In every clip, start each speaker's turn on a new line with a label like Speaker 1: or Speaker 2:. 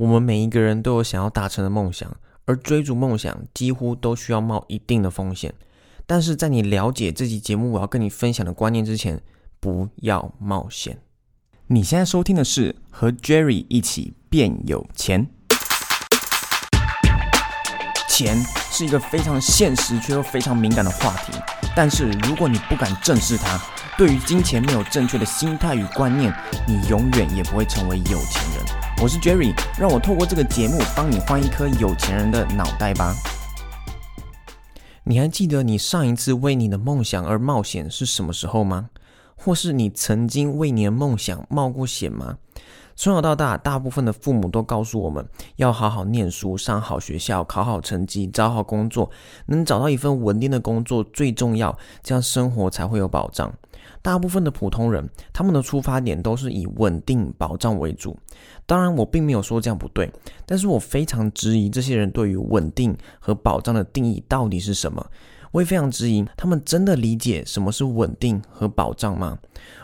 Speaker 1: 我們每一個人都有想要達成的夢想，而追逐夢想幾乎都需要冒一定的風險。但是在你了解這期節目我要跟你分享的觀念之前，不要冒險。你現在收聽的是和 Jerry 一起變有錢。錢是一個非常現實卻又非常敏感的話題，但是如果你不敢正視它，對於金錢沒有正確的心態與觀念，你永遠也不會成為有錢人。我是 Jerry，讓我透過這個節目幫你換一顆有錢人的腦袋吧。你還記得你上一次為你的夢想而冒險是什麼時候嗎？或是你曾經為你的夢想冒過險嗎？從小到大，大部分的父母都告訴我們要好好念書、上好學校、考好成績、找好工作，能找到一份穩定的工作最重要，這樣生活才會有保障。大部分的普通人，他們的出發點都是以穩定保障為主。當然，我並沒有說這樣不對，但是我非常質疑這些人對於穩定和保障的定義到底是什麼。我也非常質疑，他們真的理解什麼是穩定和保障嗎？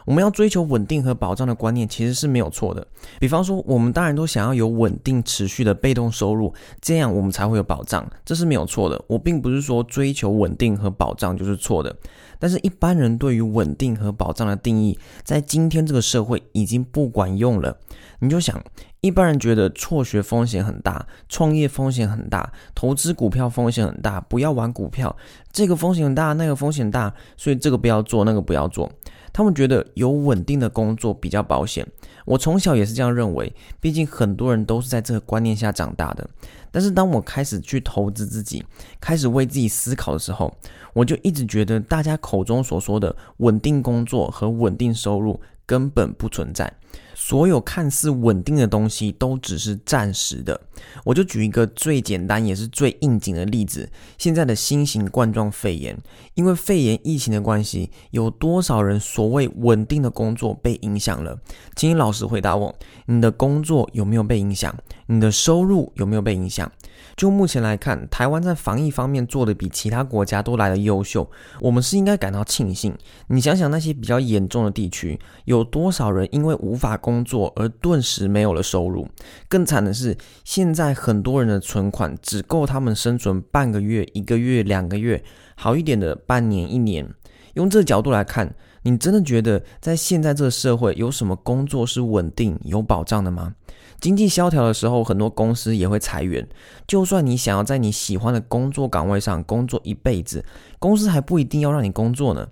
Speaker 1: 我們要追求穩定和保障的觀念，其實是沒有錯的。比方說，我們當然都想要有穩定、持續的被動收入，這樣我們才會有保障，這是沒有錯的。我並不是說追求穩定和保障就是錯的，但是一般人對於穩定和保障的定義，在今天這個社會已經不管用了。你就想。一般人覺得輟學風險很大，創業風險很大，投資股票風險很大，不要玩股票，這個風險很大，那個風險很大，所以這個不要做，那個不要做。他們覺得有穩定的工作比較保險。我從小也是這樣認為，畢竟很多人都是在這個觀念下長大的。但是當我開始去投資自己，開始為自己思考的時候，我就一直覺得大家口中所說的穩定工作和穩定收入，根本不存在，所有看似穩定的東西都只是暫時的。我就舉一個最簡單也是最應景的例子，現在的新型冠狀肺炎，因為肺炎疫情的關係，有多少人所謂穩定的工作被影響了？請你老實回答我，你的工作有沒有被影響？你的收入有沒有被影響？就目前來看，台灣在防疫方面做得比其他國家都來得優秀，我們是應該感到慶幸。你想想那些比較嚴重的地區，有多少人因為無法工作而頓時沒有了收入？更慘的是，現在很多人的存款只夠他們生存半個月、一個月、兩個月，好一點的半年、一年。用這個角度來看，你真的覺得在現在這個社會有什麼工作是穩定、有保障的嗎？經濟蕭條的時候，很多公司也會裁員。就算你想要在你喜歡的工作崗位上工作一輩子，公司還不一定要讓你工作呢。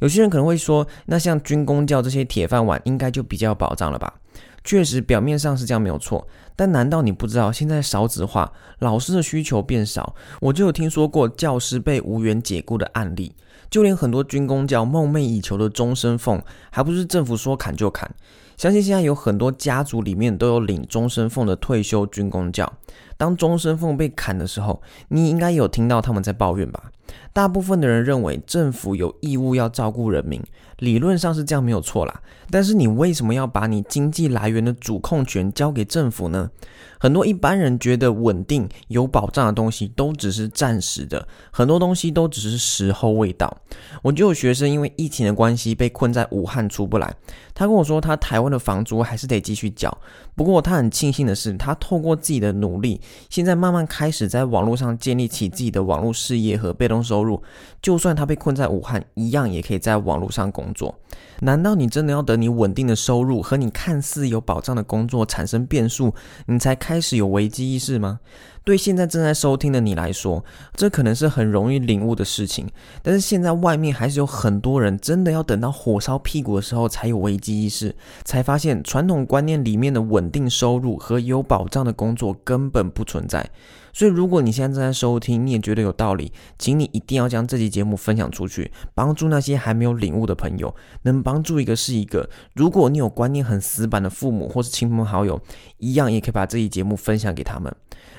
Speaker 1: 有些人可能會說，那像軍公教這些鐵飯碗，應該就比較保障了吧？確實，表面上是這樣沒有錯，但難道你不知道現在少子化，老師的需求變少？我就有聽說過教師被無緣解雇的案例，就連很多軍公教夢寐以求的終身俸，還不是政府說砍就砍？相信現在有很多家族裡面都有領終身俸的退休軍公教，當終身俸被砍的時候，你應該有聽到他們在抱怨吧？大部分的人認為政府有義務要照顧人民，理論上是這樣沒有錯啦。但是你為什麼要把你經濟來源的主控權交給政府呢？很多一般人覺得穩定有保障的東西都只是暫時的，很多東西都只是時候未到。我就有學生因為疫情的關係被困在武漢出不來，他跟我說他台灣的房租還是得繼續繳，不過他很慶幸的是他透過自己的努力，現在慢慢開始在網絡上建立起自己的網絡事業和被動收入，就算他被困在武漢，一樣也可以在網絡上工作。難道你真的要等你穩定的收入和你看似有保障的工作產生變數，你才開始有危機意識嗎？對現在正在收聽的你來說，這可能是很容易領悟的事情。但是現在外面還是有很多人真的要等到火燒屁股的時候才有危機意識，才發現傳統觀念裡面的穩定收入和有保障的工作根本不存在。所以，如果你現在正在收聽，你也覺得有道理，請你一定要將這期節目分享出去，幫助那些還沒有領悟的朋友。能幫助一個是一個。如果你有觀念很死板的父母或是親朋好友，一樣也可以把這期節目分享給他們。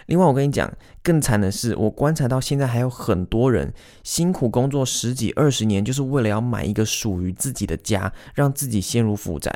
Speaker 1: 另外，我跟你講，更慘的是，我觀察到現在還有很多人辛苦工作十幾二十年，就是為了要買一個屬於自己的家，讓自己陷入負債。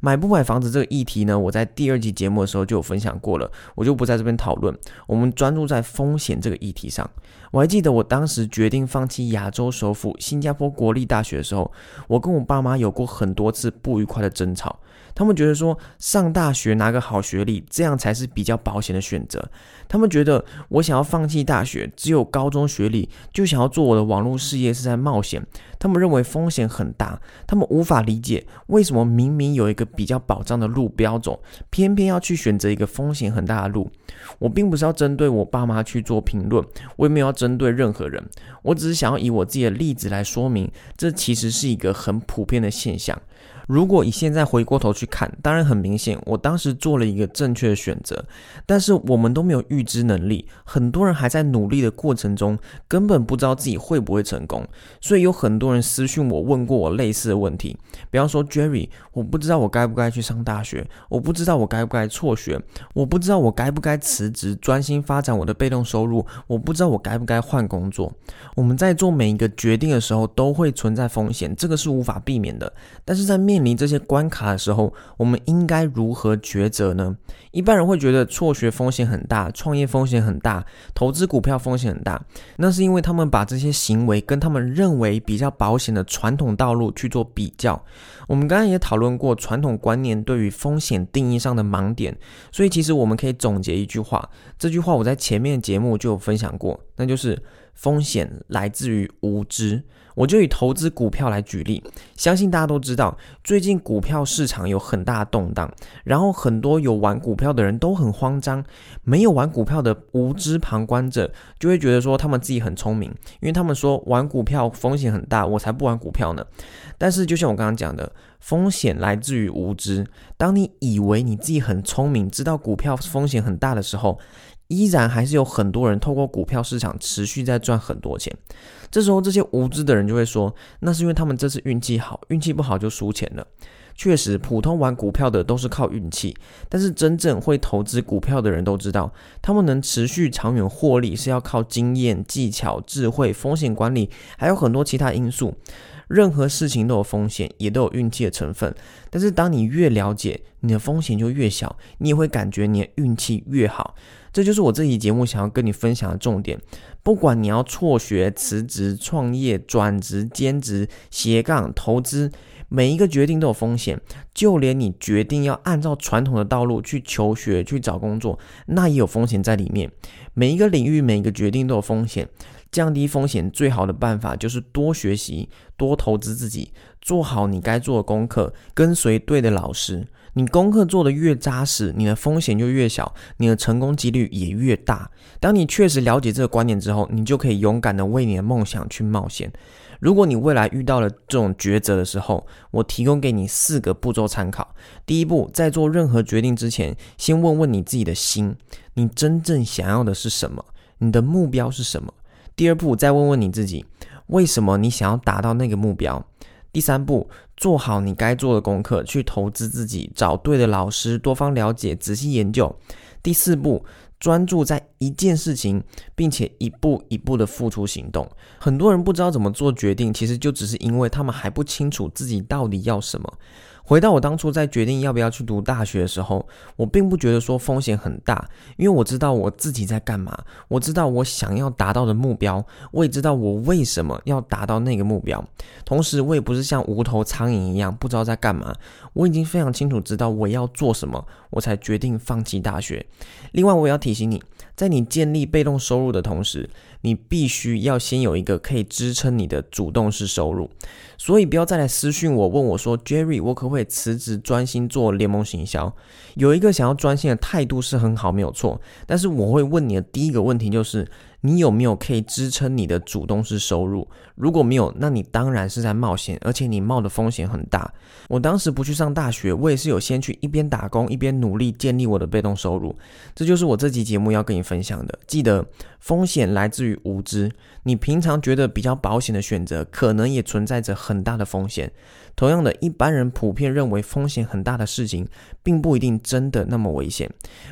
Speaker 1: 買不買房子這個議題呢，我在第二季節目的時候就有分享過了，我就不在這邊討論。我們專注在風險這個議題上。我還記得我當時決定放棄亞洲首府新加坡國立大學的時候，我跟我爸媽有過很多次不愉快的爭吵。他們覺得說上大學拿個好學歷，這樣才是比較保險的選擇。他們覺得我想要放棄大學，只有高中學歷，就想要做我的網絡事業是在冒險。他們認為風險很大，他們無法理解為什麼明明有一個比較保障的路不要走，偏偏要去選擇一個風險很大的路。我並不是要針對我爸媽去做評論，我也沒有要針對任何人，我只是想要以我自己的例子來說明，這其實是一個很普遍的現象。如果你現在回過頭去看，當然很明顯，我當時做了一個正確的選擇。但是我們都沒有預知能力，很多人還在努力的過程中，根本不知道自己會不會成功。所以有很多人私訊我，問過我類似的問題，比方說 Jerry，我不知道我該不該去上大學，我不知道我該不該輟學，我不知道我該不該辭職專心發展我的被動收入，我不知道我該不該換工作。我們在做每一個決定的時候，都會存在風險，這個是無法避免的。但是在面面臨這些關卡的時候，我們應該如何抉擇呢？一般人會覺得輟學風險很大，創業風險很大，投資股票風險很大。那是因為他們把這些行為跟他們認為比較保險的傳統道路去做比較。我們剛剛也討論過傳統觀念對於風險定義上的盲點，所以其實我們可以總結一句話，這句話我在前面的節目就有分享過，那就是風險來自於無知。我就以投資股票來舉例，相信大家都知道，最近股票市場有很大的動盪，然後很多有玩股票的人都很慌張，沒有玩股票的無知旁觀者就會覺得說他們自己很聰明，因為他們說玩股票風險很大，我才不玩股票呢。但是就像我剛剛講的，風險來自於無知，當你以為你自己很聰明，知道股票風險很大的時候，依然還是有很多人透過股票市場持續在賺很多錢，這時候這些無知的人就會說，那是因為他們這次運氣好，運氣不好就輸錢了。確實，普通玩股票的都是靠運氣，但是真正會投資股票的人都知道，他們能持續長遠獲利是要靠經驗、技巧、智慧、風險管理，還有很多其他因素。任何事情都有風險，也都有運氣的成分。但是，當你越了解，你的風險就越小，你也會感覺你的運氣越好。這就是我這期節目想要跟你分享的重點。不管你要輟學、辭職、創業、轉職、兼職、斜槓、投資。每一個決定都有風險，就連你決定要按照傳統的道路去求學、去找工作，那也有風險在裡面。每一個領域、每一個決定都有風險。降低風險最好的辦法就是多學習、多投資自己，做好你該做的功課，跟隨對的老師。你功課做得越扎實，你的風險就越小，你的成功幾率也越大。當你確實了解這個觀點之後，你就可以勇敢的為你的夢想去冒險。如果你未來遇到了這種抉擇的時候，我提供給你四個步驟參考。第一步，在做任何決定之前，先問問你自己的心，你真正想要的是什麼？你的目標是什麼？第二步，再問問你自己，為什麼你想要達到那個目標。第三步，做好你該做的功課，去投資自己，找對的老師，多方了解，仔細研究。第四步，專注在一件事情，並且一步一步的付出行動。很多人不知道怎麼做決定，其實就只是因為他們還不清楚自己到底要什麼。回到我當初在決定要不要去讀大學的時候，我並不覺得說風險很大，因為我知道我自己在幹嘛，我知道我想要達到的目標，我也知道我為什麼要達到那個目標。同時，我也不是像無頭蒼蠅一樣不知道在幹嘛，我已經非常清楚知道我要做什麼，我才決定放棄大學。另外，我也要提醒你，在你建立被動收入的同時，你必須要先有一個可以支撐你的主動式收入，所以不要再來私訊我問我說，Jerry，我可會辭職專心做聯盟行銷，有一個想要專心的態度是很好，沒有錯。但是我會問你的第一個問題就是。你有沒有可以支撐你的主動式收入？如果沒有，那你當然是在冒險，而且你冒的風險很大。我當時不去上大學，我也是有先去一邊打工一邊努力建立我的被動收入。這就是我這期節目要跟你分享的。記得風險來自於無知，你平常覺得比較保險的選擇，可能也存在着很大的風險。同樣的，一般人普遍認為風險很大的事情，並不一定真的那麼危險。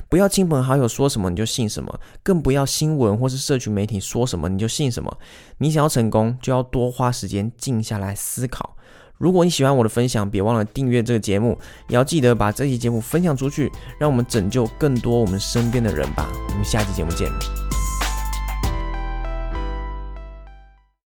Speaker 1: 不要親朋好友說什麼你就信什麼，更不要新聞或是社群，去媒體說什麼你就信什麼。你想要成功，就要多花時間靜下來思考。如果你喜歡我的分享，別忘了訂閱這個節目，也要記得把這期節目分享出去，讓我們拯救更多我們身邊的人吧。我們下期節目見。